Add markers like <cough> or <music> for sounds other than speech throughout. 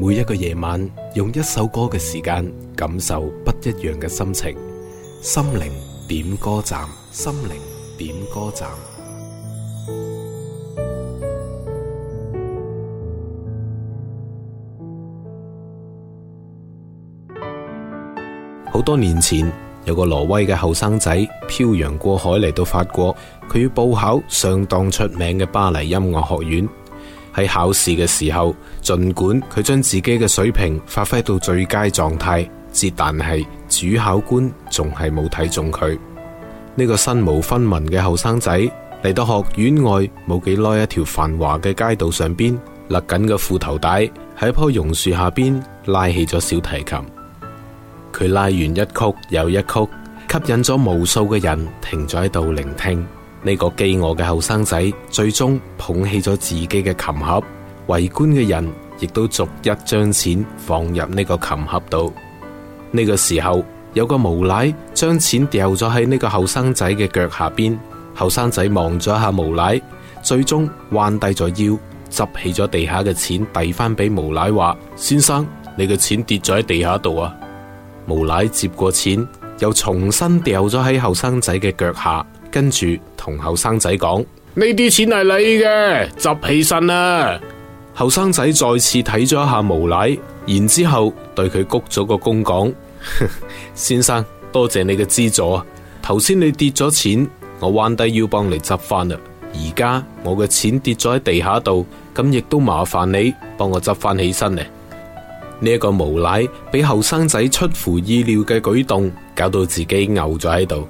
每一個夜晚，用一首歌嘅時間感受不一樣嘅心情。心靈點歌站，心靈點歌站。好多年前，有個挪威嘅後生仔漂洋過海嚟到法國，佢要報考相當出名嘅巴黎音樂學院。喺考試嘅時候，盡管佢將自己嘅水平發揮到最佳狀態，但係主考官仲係冇睇中佢。呢個身無分文嘅後生仔嚟到學院外冇幾耐，一條繁華嘅街道上邊勒緊個褲頭帶喺一棵榕樹下邊拉起咗小提琴。佢拉完一曲又一曲，吸引咗無數嘅人停咗喺度聆聽。呢個飢餓嘅後生仔最終捧起咗自己嘅琴盒，圍觀嘅人亦都逐一將錢放入呢個琴盒度。呢個時候，有個無賴將錢掉咗喺呢個後生仔嘅腳下邊，後生仔望咗下無賴，最終彎低咗腰，執起咗地下嘅錢遞翻俾無賴，話：先生，你嘅錢跌咗喺地下度啊！無賴接過錢，又重新掉咗喺後生仔嘅腳下。跟住同後生仔講：呢啲錢係你嘅，執起身啦！後生仔再次睇咗一下無賴，然之後對佢鞠咗個躬，講： <laughs> 先生，多謝你嘅資助。頭先你跌咗錢，我彎低腰幫你執翻啦。而家我嘅錢跌咗喺地下度，咁亦都麻煩你幫我執翻起身咧。呢、呢、一個無賴俾後生仔出乎意料嘅舉動，搞到自己牛咗喺度。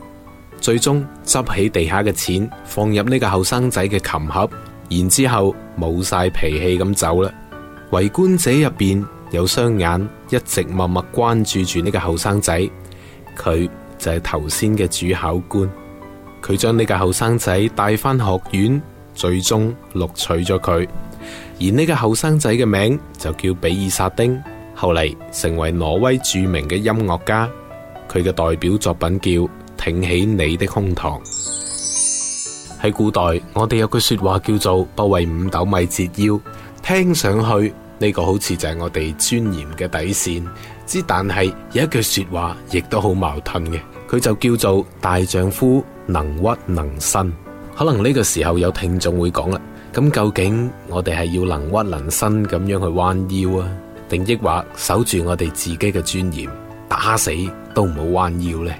最終執起地下嘅錢，放入呢個後生仔嘅琴盒，然之後冇晒脾氣咁走啦。圍觀者入邊有雙眼一直默默關注住呢個後生仔，佢就係頭先嘅主考官。佢將呢個後生仔帶翻學院，最終錄取咗佢。而呢個後生仔嘅名就叫比爾薩丁，後嚟成為挪威著名嘅音樂家。佢嘅代表作品叫。挺起你的胸膛。喺古代，我哋有句說話叫做不為五斗米折腰，聽上去呢個好似就係我哋尊嚴嘅底線。之但係有一句說話亦都好矛盾嘅，佢就叫做大丈夫能屈能伸。可能呢個時候有聽眾會講啦，咁究竟我哋係要能屈能伸咁樣去彎腰啊，定抑或守住我哋自己嘅尊嚴，打死都唔好彎腰呢？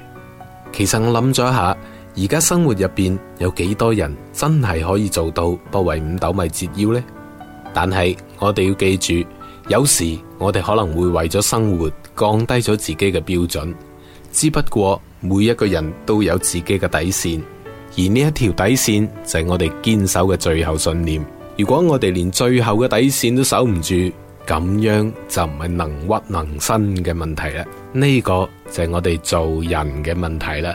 其實我諗咗一下，而家生活入邊有幾多人真係可以做到不為五斗米折腰呢？但係我哋要記住，有時我哋可能會為咗生活降低咗自己嘅標準。只不過每一個人都有自己嘅底線，而呢一條底線就係我哋堅守嘅最後信念。如果我哋連最後嘅底線都守唔住，咁樣就唔係能屈能伸嘅問題啦，呢個就係我哋做人嘅問題啦。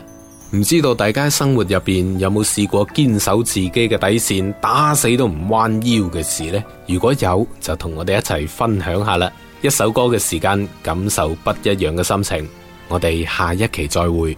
唔知道大家生活入邊有冇試過堅守自己嘅底線，打死都唔彎腰嘅事呢？如果有，就同我哋一齊分享下啦。一首歌嘅時間，感受不一樣嘅心情。我哋下一期再會。